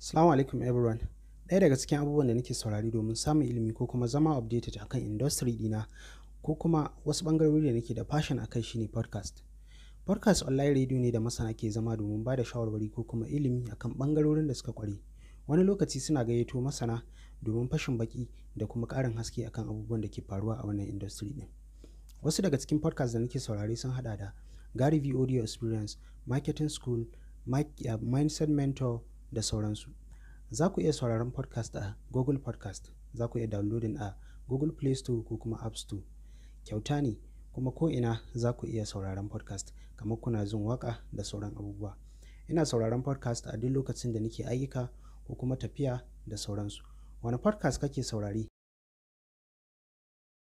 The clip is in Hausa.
Assalamu alaikum everyone. Ɗaya daga cikin abubuwan da nake saurari domin samun ilimi ko kuma zama updated akan industry dina ko kuma wasu bangarori da nake da fashion akai shine podcast. Podcast online radio ne da masana ke zama domin ba da shawarwari ko kuma ilimi akan bangarorin da suka kware. Wani lokaci suna gayyato masana domin fashin baki da kuma ƙarin haske akan abubuwan da ke faruwa a wannan industry din. Wasu daga cikin podcast da nake saurari sun hada da Gary V Audio Experience, Marketing School, eh, Mindset Mentor, da sauransu. Za ku iya sauraron podcast a Google Podcast, za ku iya downloading a Google Play Store ko kuma App Store. Kyauta ne kuma ko'ina za ku iya sauraron podcast kamar kuna jin waka da sauran abubuwa. Ina sauraron podcast a duk lokacin da nake ayyuka ko kuma tafiya da sauransu. Wane podcast kake saurari.